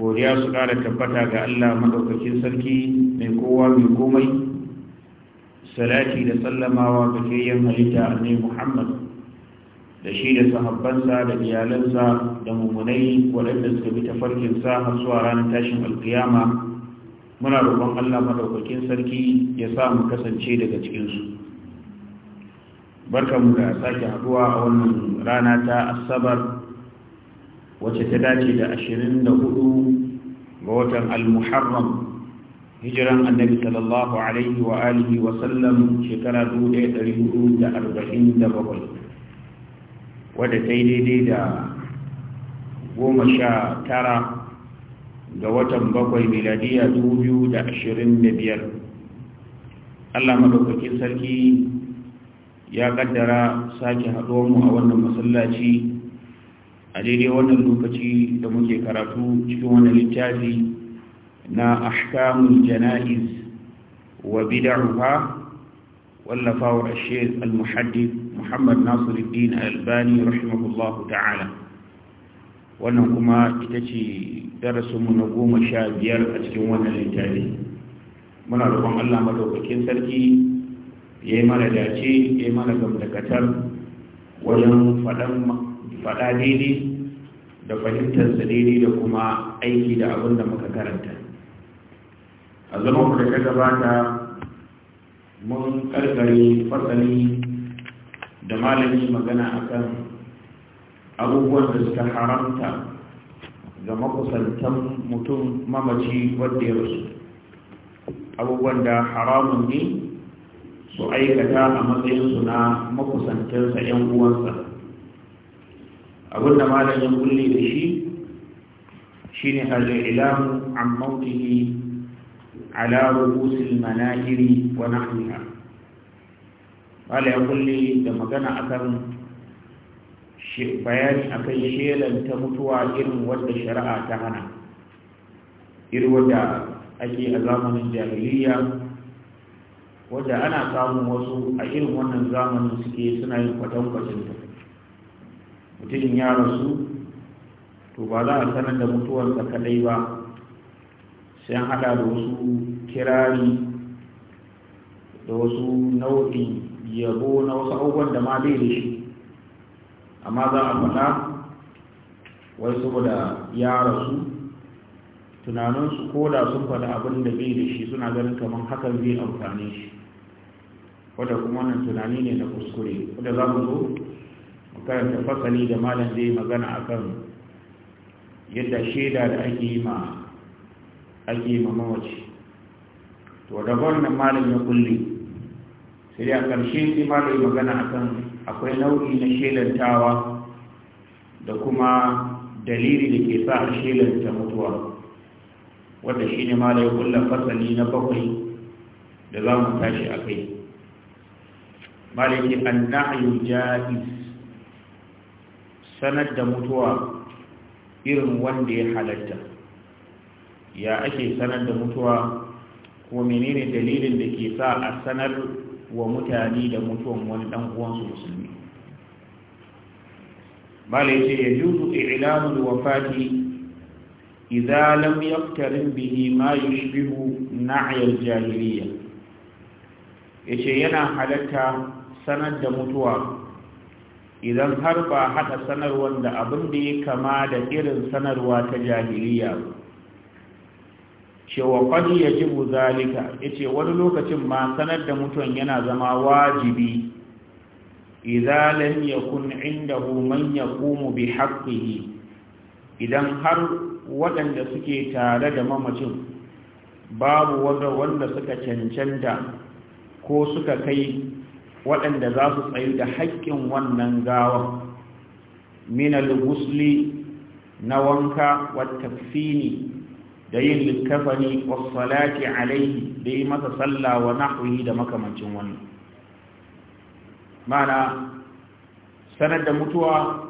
godiya su ƙara tabbata ga Allah maɗaukakin sarki mai kowa mai komai salati da sallamawa ga kayan halitta ne Muhammad da shi da sahabbansa da iyalansa da mummunai waɗanda suka bi tafarkin sa har zuwa ranar tashin alkiyama muna roƙon Allah maɗaukakin sarki ya sa mu kasance daga cikin su barkamu da sake haɗuwa a wannan rana ta asabar wacce ta dace da 24 ga watan al-muharram hijiran annabi sallallahu alaihi wa alihi wa sallam shekara 1447 wadda ta yi daidai da goma sha tara ga watan bakwai miladiya 2025 allah madaukakin sarki ya kaddara sake mu a wannan masallaci a daidai wannan lokaci da muke karatu cikin wannan littafi na ahkamul jana'iz wa bid'aha wallafawar Sheikh al-Muhaddith Muhammad Nasiruddin Albani rahimahullah ta'ala wannan kuma ita ce darasinmu na goma sha biyar a cikin wannan littafi muna roƙon Allah madaukakin sarki ya mana dace ya yi mana gamdakatar wajen faɗan faɗa daidai da fahimtarsa daidai da kuma aiki da abin da muka karanta a zama ku da ta gabata mun karkare fasali da malami magana akan abubuwan da suka haramta ga makusantan mutum mamaci wadda ya rasu abubuwan da haramun ne su aikata a matsayinsu na makusantarsa 'yan uwansa abin da malam ya kulle da shi shine al-ilamu an mawdihi ala rubusil manahiri wa nahwiha malam ya kulle da magana a kan bayani akan ta mutuwa irin wadda shari'a ta hana irin wadda ake a zamanin jahiliya wadda ana samun wasu a irin wannan zamanin suke suna yin kwatankwacin tafi mutumin ya rasu to ba za a sanar da mutuwarsa kadai ba sai an hada da wasu kirari da wasu nau'in yabo na wasu abubuwan da ma bai da shi amma za a faɗa wai saboda ya rasu tunaninsu ko da sun faɗa abin da bai da shi suna ganin kamar hakan zai amfani shi wadda kuma wannan tunani ne na kuskure wadda za mu zo karanta fasali da malam zai magana akan yadda shaida da ake yi ma ake yi ma mawaci to da wannan malam ya kulle sai dai a ƙarshe sai malam ya magana akan akwai nau'i na shaidantawa da kuma dalili da ke sa a shaidanta mutuwa wanda shi ne malam ya kulle fasali na bakwai da za mu tashi a kai malam ya ce an na'ayu ja'iz sanar da mutuwa irin wanda ya halatta ya ake sanar da mutuwa ko menene dalilin da ke sa a sanar wa mutane da mutuwan wani dan uwansu musulmi bala yace ya juzu Ilamu wafati idza lam yaqtarin bihi ma yushbihu na'y al-jahiliyya yace yana halatta sanar da mutuwa idan har ba haɗa sanarwar da abin da ya kama da irin sanarwa ta jahiliya cewa kwani ya ji zalika ya ce wani lokacin ma sanar da mutum yana zama wajibi idan ya kun inda man ya kumu bi haƙƙihi idan har waɗanda suke tare da mamacin babu wanda suka cancanta ko suka kai waɗanda za su tsayu da haƙƙin wannan gawa minal gusli na wanka wattafini da yin littafani wasalati alaihi da yi masa sallah wa nahuyi da makamancin wannan mana sanar da mutuwa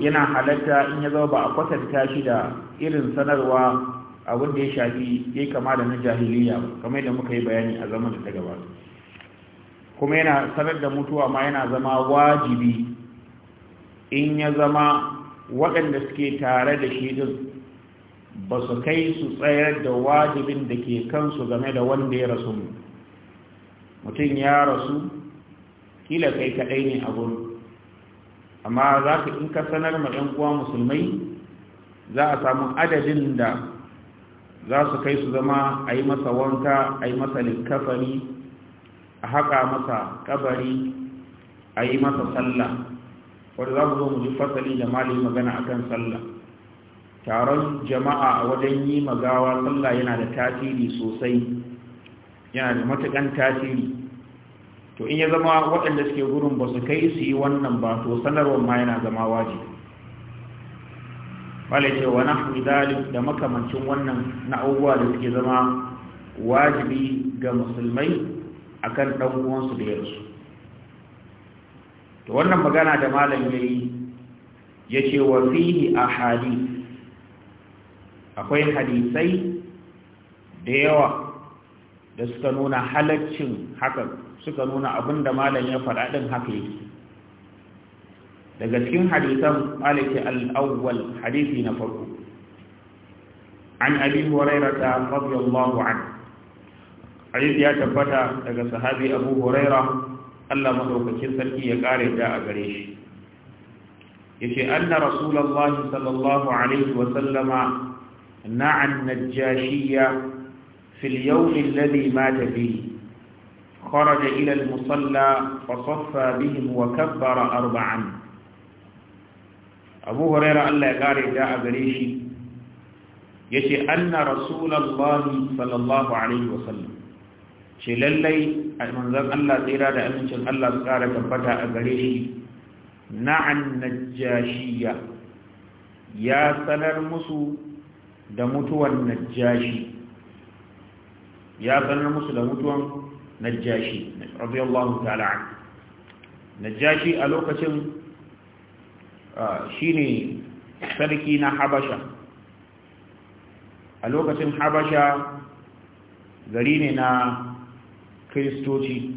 yana halatta in ya zama ba a kwatanta shi da irin sanarwa abin da ya shafi ya kama da na jahiliya kamar da muka yi bayani a zaman da ta gabata kuma yana sanar da mutuwa ma yana zama wajibi in ya zama waɗanda suke tare da shi din ba su kai su tsayar da wajibin da ke kansu game da wanda ya rasu mutum ya rasu kila kai kaɗai ne a gudu. amma za ka in ka sanar ma 'yan uwa musulmai za a samu adadin da za su kai su zama a yi masa wanka a yi masa likafari a haƙa masa kabari a yi masa sallah wadda za ku zo mu ji fasali da mali magana akan sallah taron jama'a a wajen yi magawa sallah yana da tasiri sosai yana da matukan tasiri to in ya zama waɗanda suke gurin ba su kai su yi wannan ba to sanarwar ma yana zama waje wale ce wa da makamancin wannan na da suke zama wajibi ga musulmai akan dan uwansu da yarsu to wannan magana da malam yayi yace wa fihi ahadith akwai hadisai da yawa da suka nuna halaccin hakan suka nuna abinda malam ya faɗa ɗin haka yake daga cikin hadisan malaki al-awwal hadisi na farko an abi hurairata radiyallahu anhu حديث يا تفتا لك صحابي أبو هريرة ألا مدرك كسرك يقاري جاء قريش يشي أن رسول الله صلى الله عليه وسلم نعى النجاشية في اليوم الذي مات فيه خرج إلى المصلى فصفى بهم وكبر أربعا أبو هريرة ألا يقاري جاء قريش يشي أن رسول الله صلى الله عليه وسلم ce lallai almanzan Allah tsira da amincin Allah su ƙara tabbata a gare shi na'an najjashiya ya sanar musu da mutuwan najjashi ya sanar musu da mutuwan najjashi radiyallahu ta'ala an najjashi a lokacin shine sarki na habasha a lokacin habasha gari ne na kiristoci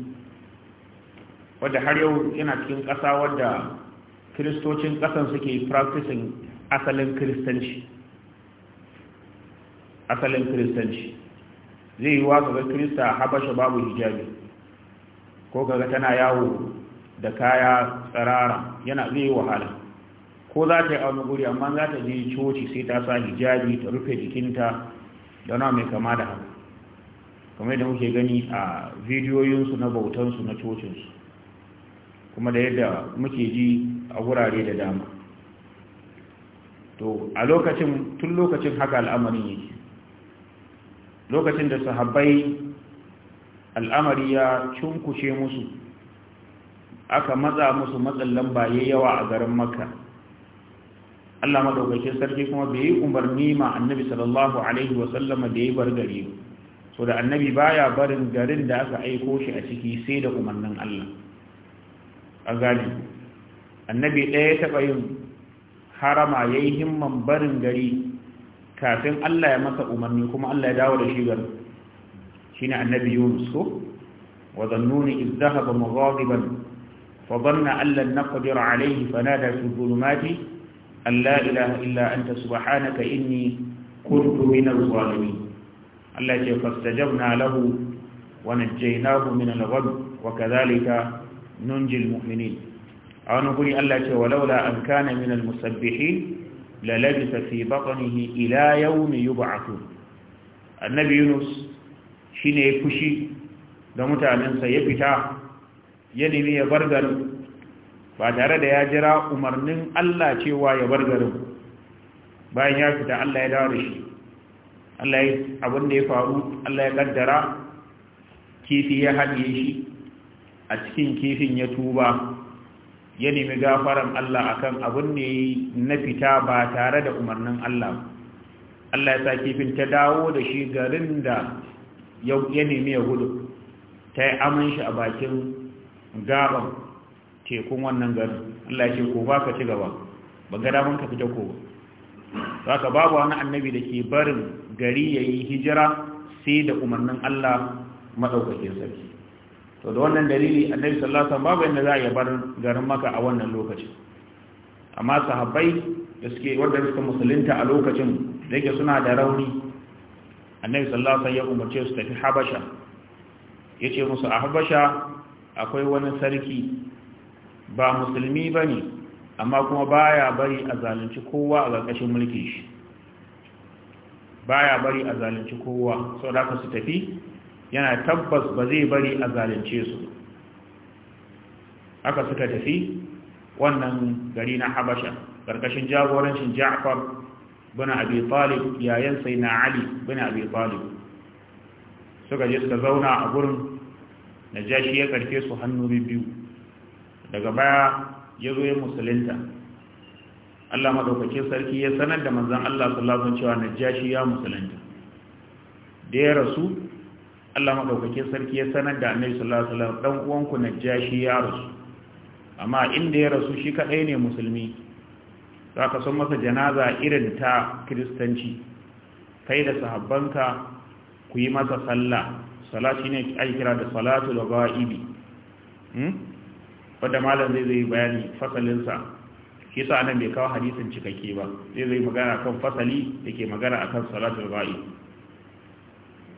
wadda har yau yana cikin ƙasa wadda kiristocin ƙasan suke practicing asalin kiristanci asalin kiristanci zai yi wasu ga kirista habasha babu hijabi ko kaga tana yawo da kaya tsarara, yana zai yi wahala ko za ta yi a guri amma za ta je coci sai ta sa hijabi ta rufe jikinta da na mai kama da haka kamar da muke gani a bidiyoyinsu na bautansu na cocinsu kuma da yadda muke ji a wurare da dama to a lokacin tun lokacin haka al'amari yake lokacin da sahabbai al'amari ya cunkushe musu aka matsa musu matsin lamba ya yawa a garin makka Allah madaukakin sarki kuma bai yi umarni ma annabi sallallahu alaihi wasallama da ya bar gari. so da annabi baya barin garin da aka aiko shi a ciki sai da umarnin Allah a annabi ɗaya ya taɓa yin harama ya yi himman barin gari kafin Allah ya masa umarni kuma Allah ya dawo da shi garin shi ne annabi yunus ko wa zannuni iz dhahaba mughadiban fa dhanna an lan naqdir alayhi fanada fi dhulumati an la ilaha illa anta subhanaka inni kuntu minaz zalimin Allah ce fastajabna lahu wa najjaynahu min al wa kadhalika nunji al-mu'minin a wani guri Allah ce walaula an kana min al-musabbihin la labisa fi batnihi ila yawmi yub'athun annabi Yunus shine fushi da mutanensa ya fita ya nemi ya bar garin ba tare da ya jira umarnin Allah cewa ya bar garin bayan ya fita Allah ya dawo da shi Allah ya abin da ya faru Allah ya kaddara kifi ya haɗe shi a cikin kifin ya tuba ya nemi gafaran Allah akan abin da na fita ba tare da umarnin Allah Allah ya sa kifin ta dawo da shi garin da ya nemi ya gudu ta yi aman shi a bakin gaban tekun wannan garin Allah ya ce ko ba ka ci gaba ba ga damun ka fita ko ba ka babu wani annabi da ke barin gari ya yi hijira sai da umarnin Allah maɗaukakin sarki to da wannan dalili annabi sallallahu alaihi wasallam babu yadda za a bar garin maka a wannan lokacin amma sahabbai da suke wanda suka musulunta a lokacin da yake suna da rauni annabi sallallahu alaihi wasallam ya umarce su tafi habasha yace musu a habasha akwai wani sarki ba musulmi bane amma kuma baya bari a zalunci kowa a ƙarƙashin mulkin shi baya bari a zalunci kowa sau da su tafi yana tabbas ba zai bari a zalunce su aka suka tafi wannan gari na habasha ƙarƙashin jagorancin ja'far bin abi talib yayin sai na ali bin abi talib suka je suka zauna a gurin najashi ya karfe su hannu biyu daga baya ya zo ya musulunta Allah madaukakin sarki ya sanar da manzon Allah sallallahu alaihi wasallam cewa najashi ya musulunta da ya rasu Allah madaukakin sarki ya sanar da Annabi sallallahu alaihi wasallam dan uwanku najashi ya rasu amma inda ya rasu shi kadai ne musulmi zaka san masa janaza irin ta kristanci kai da sahabbanka ku yi masa sallah salati shine ake kira da salatul ghaibi hmm wanda malam zai zai bayani fasalinsa Kisa nan anan bai kawo hadisin cikakke ba sai zai magana kan fasali yake magana akan salatul ra'i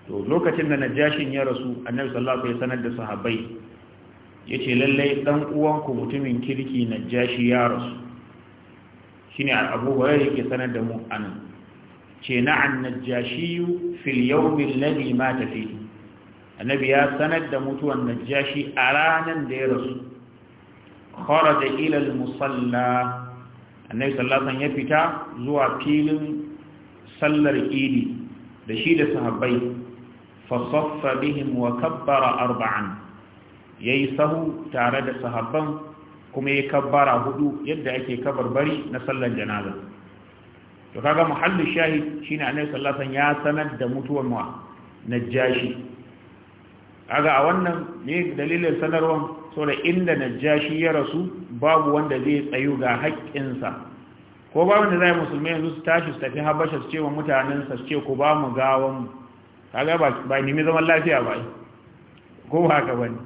to lokacin da najashin ya rasu annabi sallallahu alaihi wasallam da sahabbai yace lallai dan uwan ku mutumin kirki najashi ya rasu shine Abu Hurairah yake sanar da mu anan ce na'an najashi fil yawm alladhi mata fihi annabi ya sanar da mutuwan najashi a ranan da ya rasu kharaja ila al-musalla annabi sallallahu ya fita zuwa filin sallar idi da shi da sahabbai fasaffa bihim wa kabbara arba'an yayi sahu tare da sahabban kuma ya kabbara hudu yadda ake kabarbari na sallar janaza to kaga muhallin shahid shine annabi sallallahu ya sanar da mutuwar mu najashi kaga a wannan ne dalilin sanarwan saboda inda najashi ya rasu babu wanda zai tsayu ga haƙƙinsa ko ba wanda zai musulmi yanzu su tashi su tafi habasha su ce wa mutanen sa su ce ku ba mu gawan kaga ba nemi zaman lafiya ba ko ba haka bane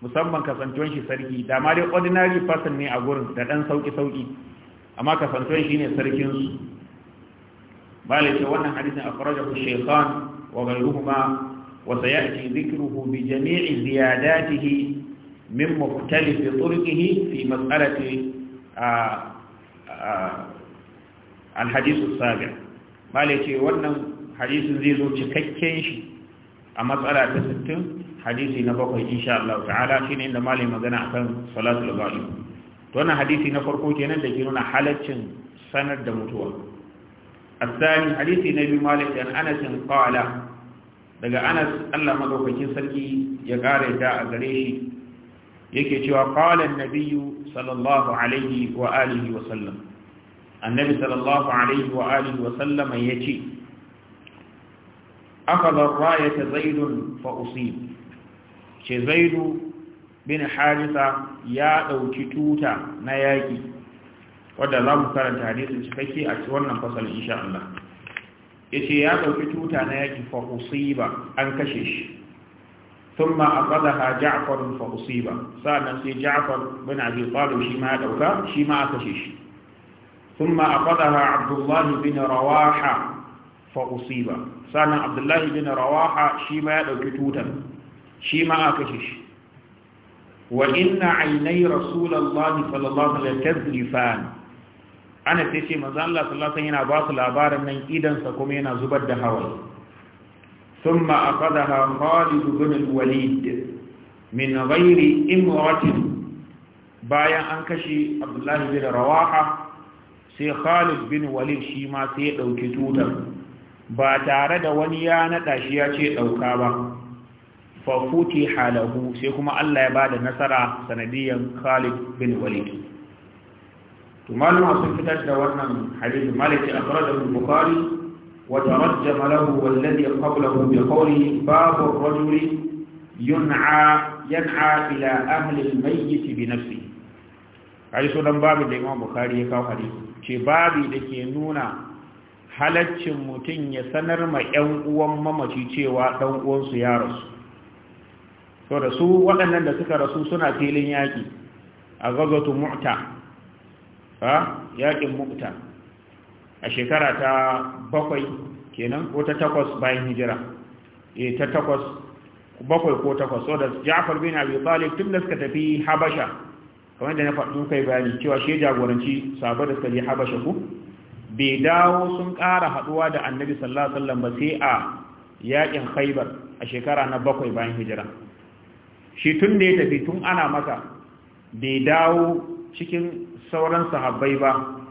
musamman kasantuwan shi sarki da ma dai ordinary person ne a gurin da dan sauki sauki amma kasantuwan shi ne sarkin su Ba ce wannan hadisin akhrajahu shaykhan wa ghayruhuma wa sayati dhikruhu bi jami'i ziyadatihi min mukhtalifi turqihi fi mas'alati alhadisu sabi mala ce wannan hadisin zai zo cikakken shi a matsala ta 60 hadisi na bakwai insha Allah ta'ala shine inda malai magana akan salatul ghaib to wannan hadisi na farko kenan da ke nuna halaccin sanar da mutuwa الثاني na نبي مالك عن أنس قال daga anas allah madaukakin sarki ya kare ta a gare shi yake cewa qala an-nabiyyu sallallahu alaihi wa alihi wa sallam annabi sallallahu alaihi wa alihi wa sallam yace akhadha ar zaid fa usib ce zaid bin harisa ya dauki tuta na yaki wanda za mu karanta hadisin cikakke a wannan fasalin insha Allah yace ya dauki tuta na yaki fa usiba an kashe shi ثم أخذها جعفر فأصيب سأل نفسي جعفر بن أبي طالب شما دوكا شما أكشش ثم أخذها عبد الله بن رواحة فأصيب سأل عبد الله بن رواحة شما دوكتوتا شما أكشش وإن عيني رسول الله صلى الله عليه وسلم تذلفان أنا تشي مزان الله صلى الله عليه وسلم باصل أبارا من إيدا سكومينا زبد هواي ثم أخذها خالد بن الوليد من غير امرأة بايا أنكشي عبد الله بن رواحة سي خالد بن وليد شيما سي دوكي توتا با تاره da wani ya naɗa shi ya ce ɗauka ba fa futiha lahu sai kuma Allah ya bada nasara sanadiyan Khalid bin Walid to malama sun fitar da wannan hadisi malaki akrada al-Bukhari وترجم له والذي قبله بقوله باب الرجل ينعى ينعى الى اهل الميت بنفسه ai sunan babu da بخاري bukhari حديث kawo hadisi ce babu da halaccin mutum ya sanar ma 'yan uwan mamaci cewa ɗan uwansu ya rasu so da su waɗannan da suka rasu suna filin yaƙi a gazatu mu'ta ha yaƙin mu'ta a shekara ta bakwai kenan ko ta takwas bayan hijira e ta takwas bakwai ko takwas so da Ja'far bin Abi Talib tun da suka tafi Habasha kamar da na faɗi kai bayani cewa shi jagoranci sahabbai da suka je Habasha ku bai dawo sun ƙara haɗuwa da Annabi sallallahu alaihi wasallam ba sai a yakin Khaibar a shekara na bakwai bayan hijira shi tun da ya tafi tun ana maka. bai dawo cikin sauran sahabbai ba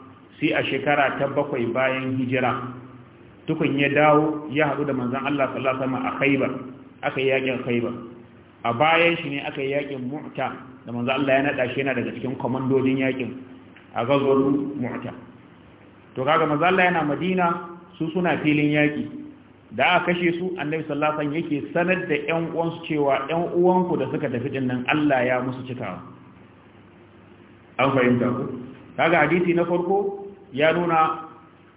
sai a shekara ta bakwai bayan hijira tukun ya dawo ya haɗu da manzan Allah sallallahu alaihi wasallam a Khaibar aka yi yakin Khaibar a bayan shi ne aka yi yakin Mu'ta da manzan Allah ya nada shi yana daga cikin komandodin yakin a gazwar Mu'ta to kaga manzan Allah yana Madina su suna filin yaki da aka kashe su annabi sallallahu alaihi wasallam yake sanar da ƴan uwansu cewa ƴan uwanku da suka tafi din nan Allah ya musu cikawa an fahimta ku kaga hadisi na farko ya nuna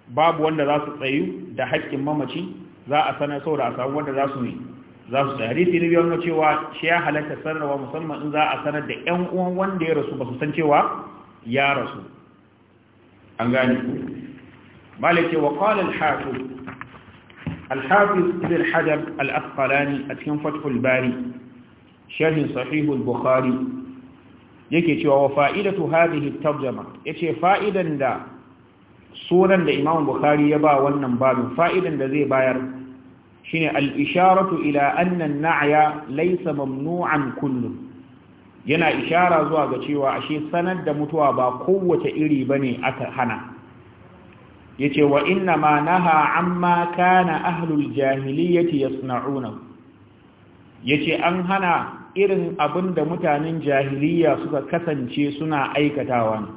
babu wanda za su tsayu da haƙƙin mamaci za a sanar saboda a samu wanda za su ne za su tsaye hadisi na biyar cewa shi ya halatta sanarwa musamman in za a sanar da ƴan uwan wanda ya rasu ba su san cewa ya rasu an gane ku malike wa qala al-hafiz al-hafiz ibn hajar al-asqalani a cikin fathul bari sharh sahih al-bukhari yake cewa wa fa'idatu hadhihi at-tarjuma yace fa'idan da sunan da imam bukhari ya ba wannan babin fa'idan da zai bayar shine al-isharatu ila annan an-na'ya laysa mamnu'an kullum. yana ishara zuwa ga cewa ashe sanar da mutuwa ba kowace iri bane aka hana yace wa inna ma naha amma kana ahlul jahiliyyati yasna'una yace an hana irin abin da mutanen jahiliya suka kasance suna aikatawa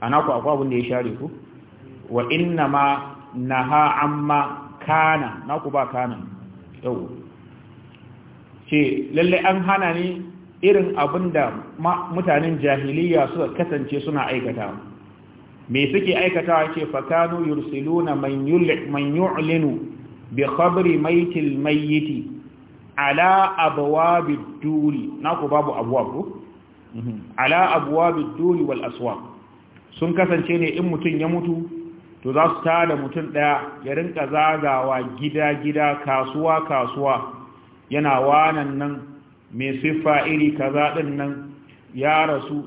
ana ku akwai abin da ya share ku wa inna ma naha amma kana na ku ba kana yau ce lalle an hana ni irin abin da mutanen jahiliya suka kasance suna aikata me suke aikatawa ce fakanu yursiluna man yu'linu bi khabri maitil mayyiti ala abwabid duli na ku babu abwabu mhm. ala abwabid duli wal aswaq sun kasance ne in mutum ya mutu to za su tada mutum ɗaya ya rinka zagawa gida-gida kasuwa-kasuwa yana wanan nan mai siffa iri kaza din nan ya rasu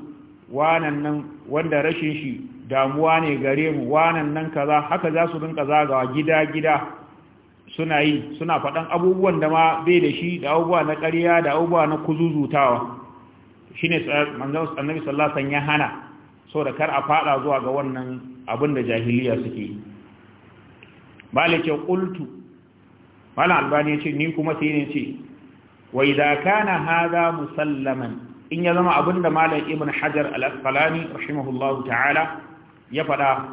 wanan nan wanda rashin shi damuwa ne gare mu wanan nan kaza haka za su rinka zagawa gida-gida suna yi suna faɗan abubuwan da ma bai da shi da abubuwa na ƙarya da abubuwa na kuzuzutawa shi ne annabi sallallahu ya hana da kar a fada zuwa ga wannan abin da jahiliya suke malik ya qultu mala albani yace ni kuma sai ne ce wa idza kana hadha musallaman in ya zama abin da malik ibn hajar al-asqalani rahimahullahu ta'ala ya fada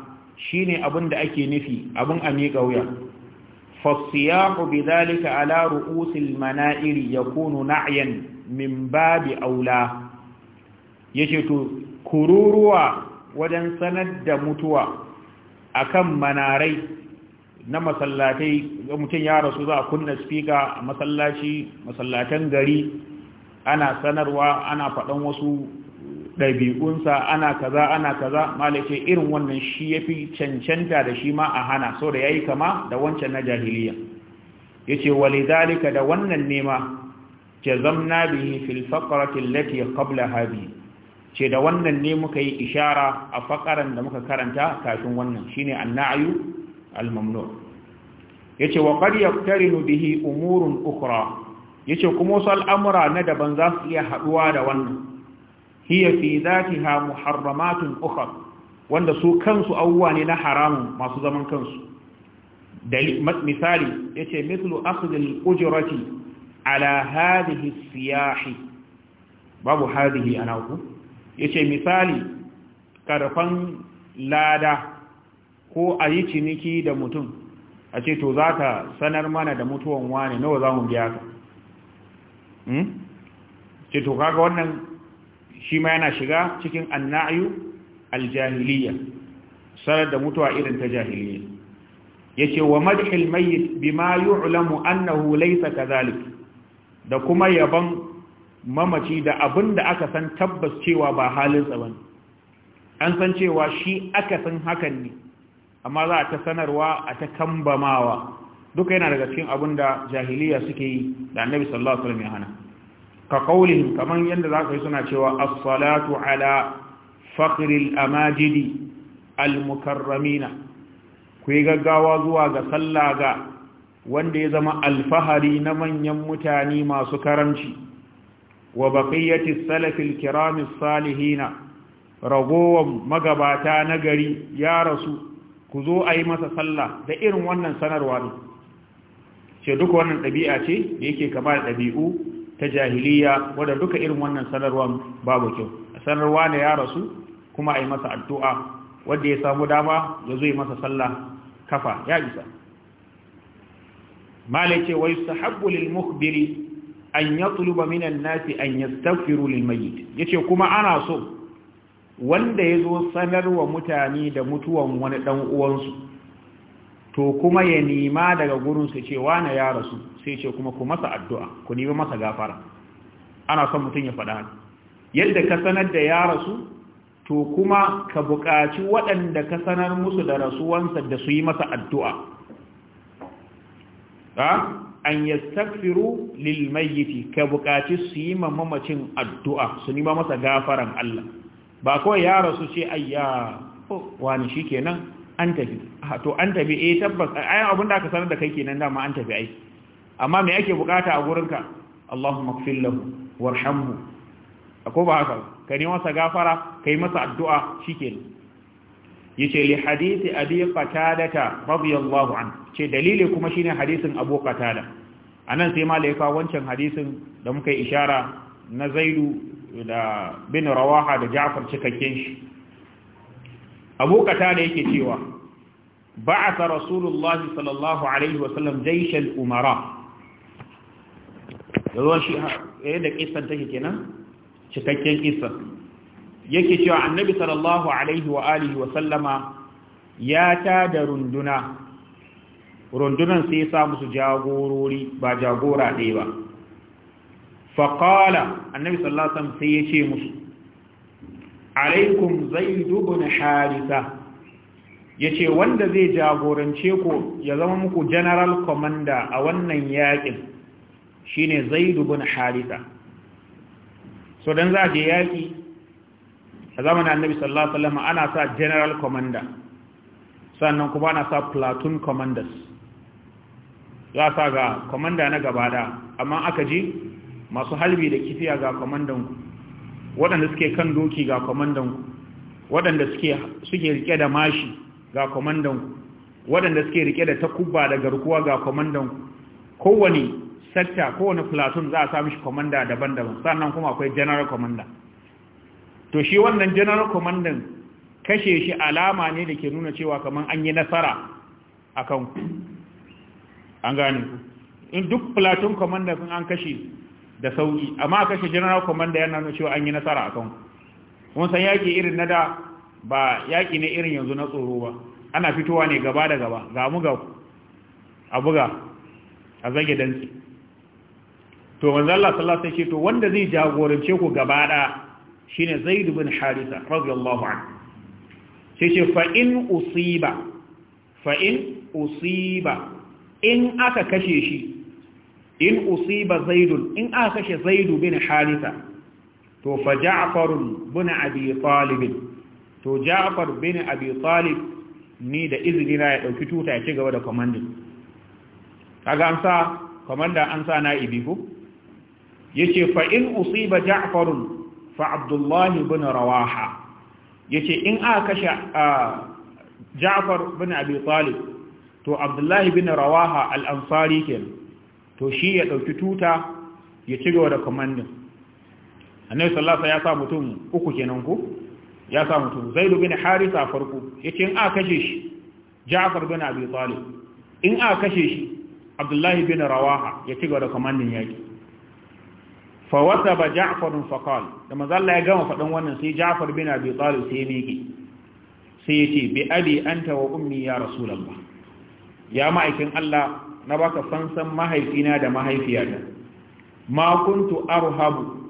shine abin da ake nufi abin a miƙa wuya فالصياح بذلك على رؤوس المنائر na'yan min babi aula أولى to. kururuwa wajen sanar da mutuwa a kan manarai na masallatai mutum ya rasu za a kunna spika a masallaci masallatan gari ana sanarwa ana faɗan wasu ɗabi'unsa ana kaza ana kaza malice irin wannan shi ya fi cancanta da shi ma a hana so da ya yi kama da wancan na jahiliya ya ce wale zalika da wannan nema jazamna bihi fil faqratin lati qabla habi ce da wannan ne muka yi ishara a fakaran da muka karanta kafin wannan shine annayu almamnu yace wa qad yaqtarinu bihi umurun ukhra yace kuma wasu al'amura na daban za su iya haduwa da wannan hiya fi zatiha muharramatun ukhra wanda su kansu abubuwa ne na haramun masu zaman kansu misali yace ce akhdh al-ujrati ala hadhihi as-siyah babu a naku? yace misali karfan lada ko a yi ciniki da mutum a ce to za ka sanar mana da mutuwan wani nawa za mu biya ka hmm? ce to kaga wannan shi ma yana shiga cikin annayu aljahiliya sanar da mutuwa irin ta jahiliya yace wa madhil mayyit bima yu'lamu annahu laysa kadhalik da kuma yaban mamaci da abin da aka san tabbas cewa ba halinsa ba an san cewa shi aka san hakan ne amma za a ta sanarwa a ta kambamawa duka yana daga cikin abin da jahiliya suke yi da annabi sallallahu alaihi wasallam ya hana ka kaulihim kaman yanda za ka yi suna cewa as-salatu ala fakhril amajidi al-mukarramina ku yi gaggawa zuwa ga sallah ga wanda ya zama alfahari na manyan mutane masu karamci wa baqiyati salafil kiramis salihina ragowan magabata na gari ya rasu ku zo ayi masa sallah da irin wannan sanarwa ne ce duka wannan ɗabi'a ce da yake kama da ɗabi'u ta jahiliya wadda duka irin wannan sanarwa babu kyau sanarwa ne ya rasu kuma a yi masa addu'a Wanda ya samu dama ya zo masa sallah kafa ya isa malice wai sahabbu lil mukhbiri an yatluba minan nasi an yastaghfiru lil ya ce kuma ana so wanda ya zo sanarwa mutane da mutuwan wani dan uwansu to kuma ya nima daga gurin su ce ya rasu sai ce kuma ku masa addu'a ku nima masa gafara ana son mutum ya faɗa yadda ka sanar da ya rasu to kuma ka buƙaci waɗanda ka sanar musu da rasuwansa da su yi masa addu'a an yastaghfiru lil mayyit ka buƙaci su yi mamamacin addu'a su nima masa gafaran Allah ba kawai ya rasu ce ayya wani shi kenan an tafi to an tafi eh tabbas ai abin da aka sanar da kai kenan dama an tafi ai amma me ake bukata a gurinka Allahumma ighfir lahu warhamhu ko ba haka ka nima masa gafara kai masa addu'a shikenan yace li hadisi abi qatadata radiyallahu an ce dalili kuma shine hadisin abu qatada anan sai malaika wancan hadisin da muka ishara na zaidu da bin rawaha da ja'far cikakken shi abu qatada yake cewa ba'atha rasulullahi sallallahu alaihi wasallam jaishal umara da kisan shi eh da kissan take kenan cikakken kisan. yake cewa annabi sallallahu alaihi wa alihi wa sallama ya ta da runduna rundunan sai ya sa musu jagorori ba jagora ɗaya ba faƙala annabi sallallahu alaihi wa sallam sai ya ce musu alaikum zaidu harisa ya ce wanda zai jagorance ku ya zama muku general commander a wannan yakin. shine zaidu bin harisa so dan za je yaƙi a zamanin annabi sallallahu alaihi wasallam ana sa general commander sannan kuma ana sa platoon commanders za sa ga commander na gaba da amma aka ji masu halbi da kifiya ga commandan ku waɗanda suke kan doki ga commandan ku waɗanda suke suke rike da mashi ga commandan ku waɗanda suke rike da takubba da garkuwa ga commandan ku kowane sector kowane platoon za a sa mishi commander daban-daban sannan kuma akwai general commander to shi wannan general commandan kashe shi alama ne da ke nuna cewa kamar an yi nasara a kan ku an gane ku in duk platoon commander sun an kashe da sauki amma kashe general commander yana nuna cewa an yi nasara a kan ku mun san yaƙi irin na da ba yaƙi ne irin yanzu na tsoro ba ana fitowa ne gaba da gaba ga mu ga a buga a zage dantsi to manzo Allah sallallahu alaihi wasallam to wanda zai jagorance ku gaba da shine zaid bin harisa radiyallahu anhu sai ce fa in usiba fa in usiba in aka kashe shi in usiba zaidun in aka kashe zaidu bin harisa to fa ja'far bin abi talib to ja'afar bin abi talib ni da izini ya ɗauki tuta ya ci gaba da commanding kaga an sa commander an sa na ibi ko yace fa in usiba ja'farun fa abdullahi bin rawaha yace in aka kashe ja'far bin abi talib to abdullahi bin rawaha al-ansari kenan to shi ya dauki tuta ya ci gaba da commanding annabi sallallahu alaihi wasallam ya sa mutum uku kenan ko ya sa mutum zaid bin harisa farko yace in aka kashe shi ja'far bin abi talib in aka kashe shi abdullahi bin rawaha ya ci gaba da commanding yaki fawata ba ja'farun Fakal, da manzo ya gama faɗin wannan sai Ja'far bin Abi Talib sai miki. sai ya ce bi abi anta wa ummi ya rasulullah ya ma'aikin Allah na baka fansan mahaifina da mahaifiyata ma kuntu arhabu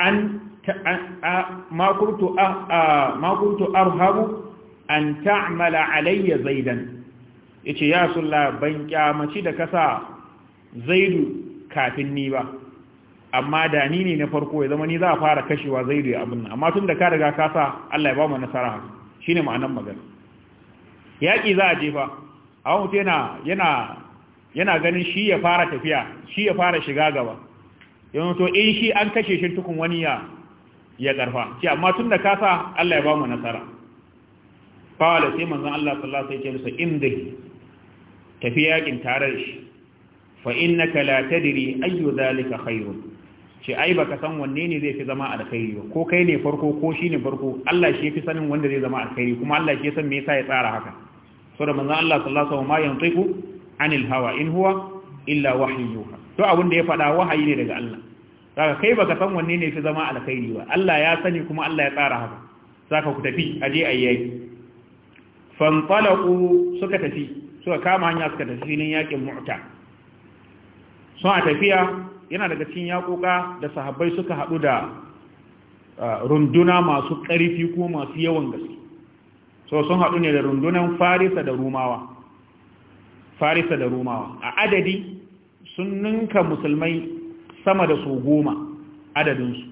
an ma kuntu ma kuntu arhabu an ta'mala alayya zaidan yace ya rasulullah ban kyamaci da kasa zaidu kafin ni ba amma da ni ne na farko ya zama ni za a fara kashewa zai da abin nan amma tun da ka riga ka sa Allah ya ba mu nasara shine ma'anar magana yaƙi za a jefa a wani yana yana yana ganin shi ya fara tafiya shi ya fara shiga gaba yanzu to in eh, shi an kashe shi tukun wani ya ya karfa ce amma tun da ka sa Allah ya ba mu nasara fawala sai manzon Allah sallallahu alaihi wasallam sai inda tafi yaƙin tare da shi fa innaka la tadri ayu dhalika khairun ce ai baka san wanne ne zai fi zama alkhairi ba ko kai ne farko ko shi ne farko Allah shi fi sanin wanda zai zama alkhairi kuma Allah shi ya san me yasa ya tsara haka saboda manzon Allah sallallahu alaihi wasallam ma yantiqu anil hawa in huwa illa wahyuha to abin da ya fada wahayi ne daga Allah saka kai baka san wanne ne fi zama alkhairi ba Allah ya sani kuma Allah ya tsara haka saka ku tafi a je ayyaki fantalaqu suka tafi suka kama hanya suka tafi filin yakin mu'ta suna tafiya yana daga cikin yaƙoƙa da sahabbai suka haɗu da runduna masu ƙarfi ko masu yawan gaske so sun haɗu ne da rundunan farisa da rumawa farisa da rumawa a adadi sun ninka musulmai sama da su goma adadinsu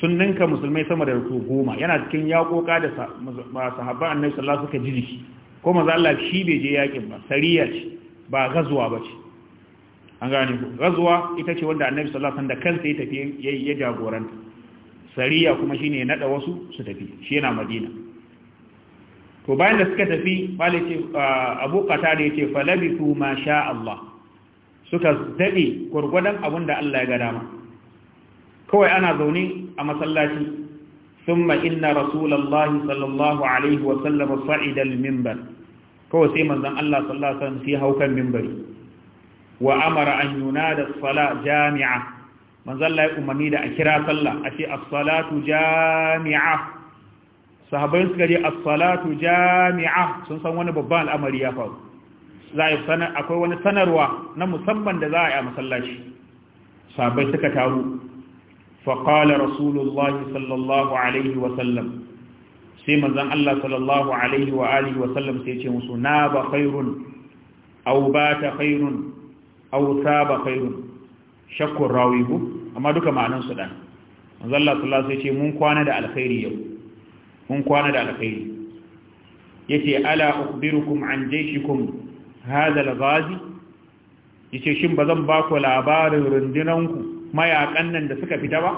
sun ninka musulmai sama da su goma yana cikin yaƙoƙa da sahabban annabi sallallahu suka jiji ko maza Allah shi bai je yaƙin ba sariya ce ba gazuwa ba ce an gane ku gazuwa ita ce wanda annabi sallallahu alaihi wasallam da kansa ya tafi ya jagoranta sariya kuma shine ya nada wasu su tafi shi yana madina to bayan da suka tafi ce malice abu qatada yace falabithu ma sha Allah suka dade gurgudan abin da Allah ya ga dama kawai ana zaune a masallaci thumma inna rasulullahi sallallahu alaihi wasallam sa'ida al-minbar kawai sai manzon Allah sallallahu alaihi wasallam sai haukan minbari wa amara an yunada sala jami'a manzo Allah ya umarni da a kira sallah a ce as-salatu jami'a sahabbai suka je as-salatu jami'a sun san wani babban al'amari ya faru za a sanar akwai wani sanarwa na musamman da za a yi a masallaci sahabbai suka taru fa qala rasulullahi sallallahu alaihi wa sallam sai manzon Allah sallallahu alaihi wa alihi wa sallam sai ce musu na ba khairun aw bata khairun aw saba khairun shakkur rawihu amma duka ma'anan su dan manzo Allah sallallahu alaihi wasallam ya ce mun kwana da alkhairi yau mun kwana da alkhairi yace ala ukhbirukum an jayshikum hadha al-ghazi yace shin bazan ba ku labarin rundunanku mayakan nan da suka fita ba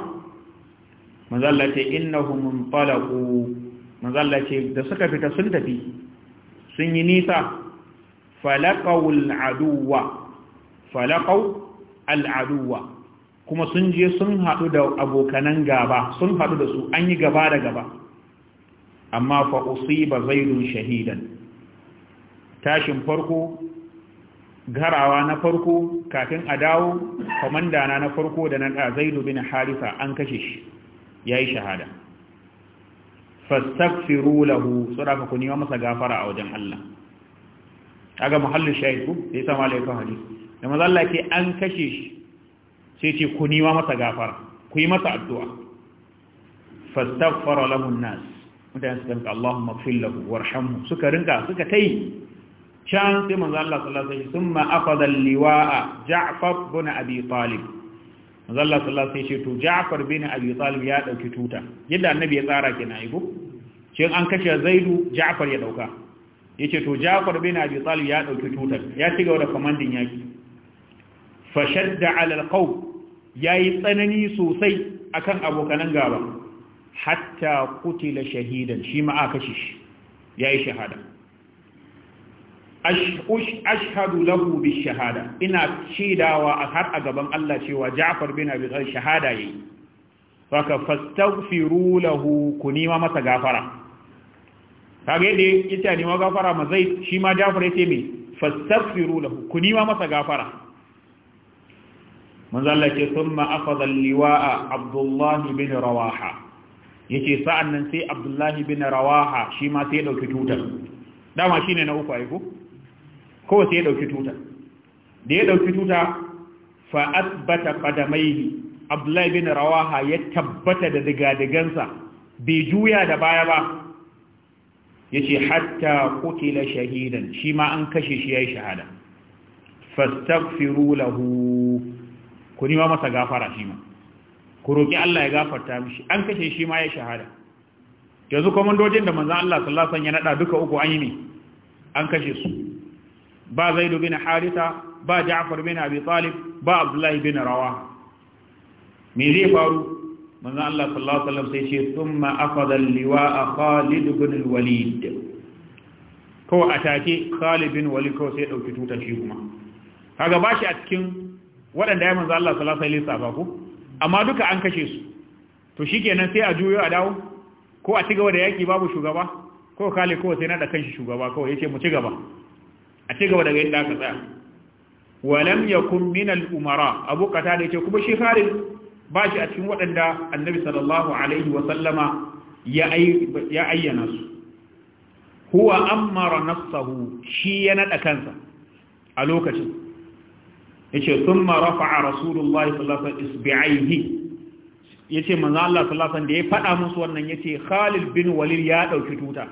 manzo Allah ce innahum muntalaqu manzo Allah ce da suka fita sun tafi sun yi nisa falaqul aduwa falaqaw al'aduwa kuma sun je sun haɗu da abokanan gaba sun haɗu da su an yi gaba da gaba amma fa usiba zaidun shahidan tashin farko garawa na farko kafin a dawo kwamandana na farko da na zaidu bin harisa an kashe shi ya yi shahada fastaghfiru lahu suraka ku nima masa gafara a wajen Allah aga muhallin shahidu sai sama alaikum hadisi da mazalla ke an kashe shi sai ce ku nima masa gafara ku yi masa addu'a fastaghfara lahu nas mutane suka rinka Allahumma ighfir lahu warhamhu suka rinka suka tai can sai manzo Allah sallallahu alaihi wasallam thumma akhadha liwaa Ja'far bin Abi Talib manzo Allah sallallahu alaihi wasallam to Ja'far bin Abi Talib ya dauki tuta yadda annabi ya tsara ke na ko shin an kashe Zaidu Ja'far ya dauka yace to Ja'far bin Abi Talib ya dauki tutar ya ci gaba da commanding yaki fashadda alal qaw yayi tsanani sosai akan abokanan gaba hatta kutila shahidan shi ma aka kashe shi yayi shahada ashhadu lahu bi shahada ina a har a gaban Allah cewa Ja'far bin Abi Talib shahada yayi faka fastaghfiru lahu kunima masa gafara kage dai ita ne ma gafara ma zai shi ma Ja'far yace me fastaghfiru lahu kunima masa gafara manzo Allah sun thumma akhadha al-liwa'a Abdullahi bin Rawaha yace sa'an nan sai Abdullahi bin Rawaha shi ma sai dauki tutar dama shine na uku aiko ko sai ɗauki tuta da ya dauki tuta fa asbata qadamaihi Abdullahi bin Rawaha ya tabbata da digadigansa bai juya da baya ba yace hatta qutila shahidan shi ma an kashe shi ya yi shahada firu lahu ku nima masa gafara shi ma ku roƙi Allah ya gafarta mishi an kashe shi ma ya shahada yanzu komandojin da manzan Allah sallallahu alaihi wasallam ya nada duka uku an yi ne an kashe su ba Zaid bin Haritha ba Ja'far bin Abi Talib ba Abdullah bin Rawaha me zai faru manzan Allah sallallahu alaihi wasallam sai ce thumma akhadha al-liwa'a Khalid bin al-Walid kawai take Khalid bin Walid kawai sai ya dauki tutar shi kuma kaga bashi a cikin waɗanda ya manzo Allah sallallahu alaihi wasallam ko amma duka an kashe su to shikenan sai a juyo a dawo ko a cigaba da yaki babu shugaba ko kale ko sai nada kanshi shugaba kawai yace mu cigaba a cigaba daga inda aka tsaya walam yakun min al umara abu qatada yace kuma shi Khalid ba shi a cikin waɗanda annabi sallallahu alaihi wasallama ya ayyana su huwa amara nafsahu shi ya nada kansa a lokacin yace thumma rafa'a rasulullahi sallallahu alaihi wasallam isbi'aihi yace manzo Allah sallallahu alaihi wasallam da ya fada musu wannan yace Khalid bin Walid ya dauki tuta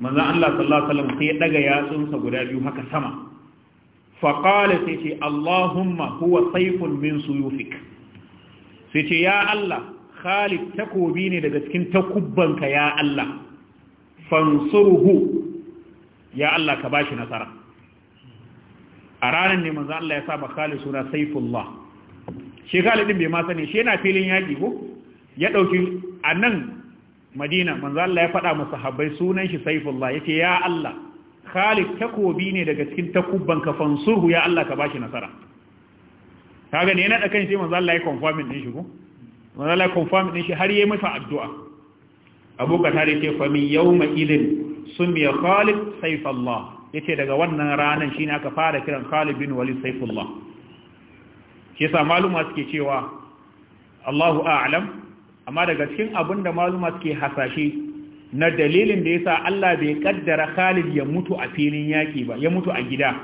manzo Allah sallallahu alaihi wasallam sai ya daga yatsunsa guda biyu haka sama fa qala sai ce Allahumma huwa sayfun min suyufik sai ce ya Allah Khalid takobi ne daga cikin takubbanka ya Allah fansurhu ya Allah ka bashi nasara a ranar ne manzo Allah ya saba Khalid suna Saifullah shi Khalid din bai ma sani shi yana filin yaki ko ya dauki a nan Madina manzo Allah ya faɗa masa sahabbai sunan shi Saifullah yace ya Allah Khalid takobi ne daga cikin takubban ka ya Allah ka bashi nasara kaga ne yana da kan shi manzo Allah ya confirm din shi ko manzo Allah ya confirm din shi har yayi masa addu'a Abu Qatada yace fa min yawma idin sumiya Khalid Saifullah yace daga wannan ranan shine aka fara kiran Khalid bin Walid Saifullah shi sa maluma suke cewa Allahu a'lam amma daga cikin abinda maluma suke hasashe na dalilin da yasa Allah bai kaddara Khalid ya mutu a filin yaki ba ya mutu a gida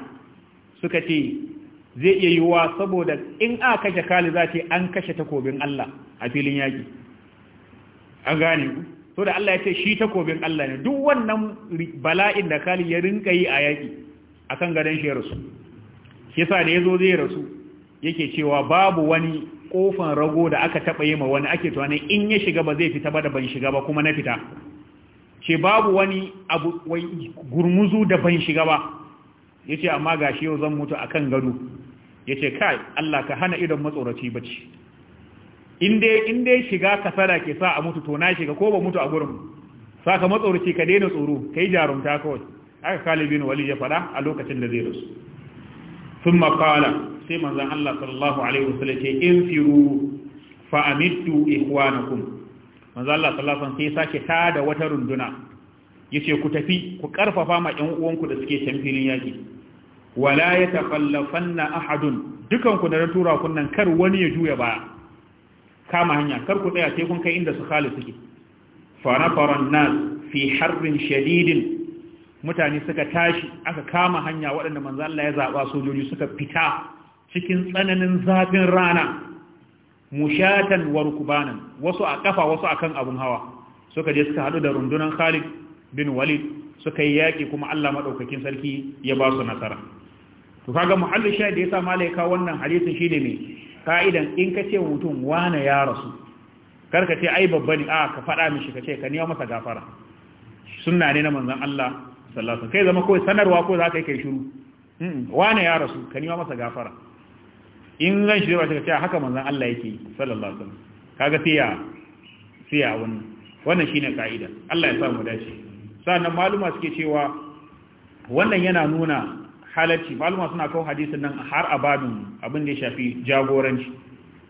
suka ce zai iya yiwuwa saboda in a kashe Khalid za ce an kashe takobin Allah a filin yaki an gane ku so da Allah ya ce shi takobin Allah ne duk wannan bala'in da Kali ya rinka yi a yaki kan gadon shi ya rasu yasa da ya zo zai rasu yake cewa babu wani ƙofan rago da aka taba yi ma wani ake tuwa in ya shiga ba zai fita ba da ban shiga ba kuma na fita ce babu wani abu gurmuzu da ban shiga ba ya ce amma ga shi yau zan mutu a kan gado ya ce kai Allah ka hana idon matsoraci bacci in dai in dai shiga kasara ke sa a mutu to na shiga ko ba mutu a gurin saka matsoraci ka daina tsoro kai jarumta kawai aka kalibin wali ya fada a lokacin da zai rasu sun makala sai manzan Allah sallallahu alaihi wasallam ce in firu amittu ikhwanakum manzo Allah sallallahu alaihi wasallam sai sake tada wata runduna yace ku tafi ku karfafa ma ƴan uwanku da suke can filin yaki wala yatakhallafanna ahadun dukan ku da tura kunnan kar wani ya juya ba kama hanya kar ku tsaya sai kun kai inda su Khalid suke farafaran nas fi harbin shadidin mutane suka tashi aka kama hanya waɗanda manzo Allah ya zaba sojoji suka fita cikin tsananin zafin rana mushatan wa rukbanan wasu a kafa wasu akan abun hawa suka je suka hadu da rundunan Khalid bin Walid suka yi yaki kuma Allah madaukakin sarki ya ba su nasara to kaga muhallin shahid da yasa malaika wannan hadisin shine me ka'idan in ka ce mutum wane ya rasu karka ce ai babba ne a ka faɗa mishi ka ce ka niyo masa gafara sunna ne na manzon Allah sallallahu alaihi wasallam kai zama kawai sanarwa ko za ka yi kai shiru wane ya rasu ka niyo masa gafara in zan shi ba ka ce haka manzon Allah yake sallallahu alaihi wasallam kaga sai ya sai ya wannan wannan shine ka'ida Allah ya sa mu dace sannan maluma suke cewa wannan yana nuna halarci malama suna kawo hadisun nan har a abadun abin da ya shafi jagoranci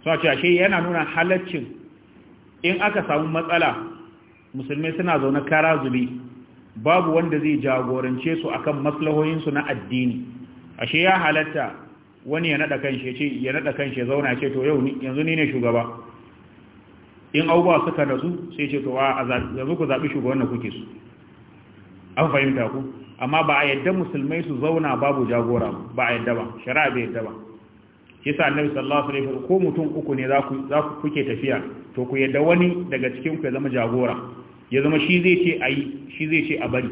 suna ce shi yana nuna halarcin in aka samu matsala musulmai suna zaune kara zube babu wanda zai jagorance su akan maslahoyinsu na addini ashe ya halatta wani ya nada kanshi ce ya nada kanshi ya zauna ce to yau yanzu ni ne shugaba in abubuwa suka rasu sai ce to a yanzu ku zaɓi shugaban da kuke su an fahimta ku amma ba a yadda musulmai su zauna babu jagora ba a yadda ba shari'a bai yadda ba yasa annabi sallallahu alaihi wasallam ko mutum uku ne za ku za ku kuke tafiya to ku yadda wani daga cikin ku ya zama jagora ya zama shi zai ce ayi shi zai ce a bari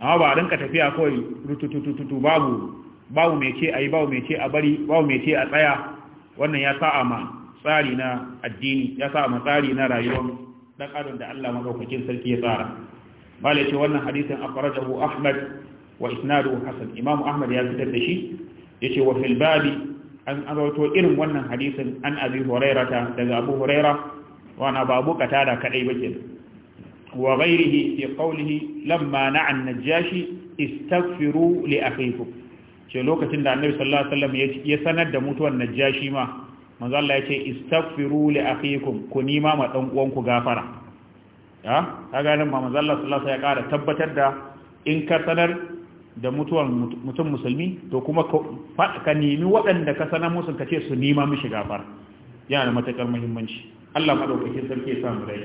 amma ba a rinka tafiya kawai rututututu babu babu mai ce ayi babu mai ce a bari babu mai ce a tsaya wannan ya sa ma tsari na addini ya sa ma tsari na rayuwar dan adam da Allah madaukakin sarki ya tsara malai ce wannan hadisin akhrajahu ahmad wa isnaduhu Hassan, imamu ahmad ya fitar da shi ce wa filbabi an rawaito irin wannan hadisin an abi hurairata daga abu huraira wa na babu katada kadai bakin wa ghairihi fi qawlihi lamma na'a najashi istaghfiru li akhikum ce lokacin da annabi sallallahu alaihi wasallam ya sanar da mutuwan najashi ma manzo Allah ya ce istaghfiru li akhikum ku nima ma dan uwanku gafara ha ta nan ma manzo Allah sallallahu alaihi ya kara tabbatar da in ka sanar da mutuwar mutum musulmi to kuma ka nemi waɗanda ka sanar musu ka ce su nima mishi gafar yana da matakar muhimmanci Allah maɗaukakin sarki ya samu rai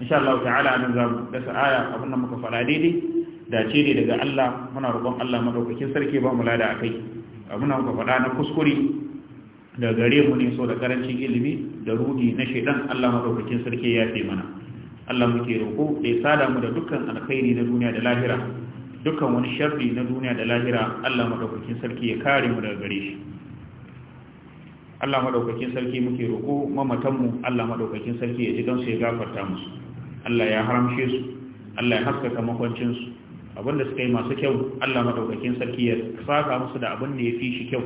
insha Allah ta'ala nan za mu dasa aya abun da muka fara daidai ce ne daga Allah muna roƙon Allah maɗaukakin sarki ba mu lada akai abun da muka faɗa na kuskure da gare mu ne so da karancin ilimi da rudi na shaidan Allah maɗaukakin sarki ya fi mana Allah muke roƙo da ya sada mu da dukkan alkhairi na duniya da lahira dukkan wani sharri na duniya da lahira Allah madaukakin sarki ya kare mu daga gare shi Allah madaukakin sarki muke roƙo mamatanmu Allah madaukakin sarki ya ji don su ya gafarta musu Allah ya haramshe su Allah ya haskaka makwancin su abinda suka yi masu kyau Allah madaukakin sarki ya saka musu da abin da ya fi shi kyau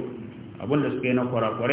abinda suka yi na kwara-kwara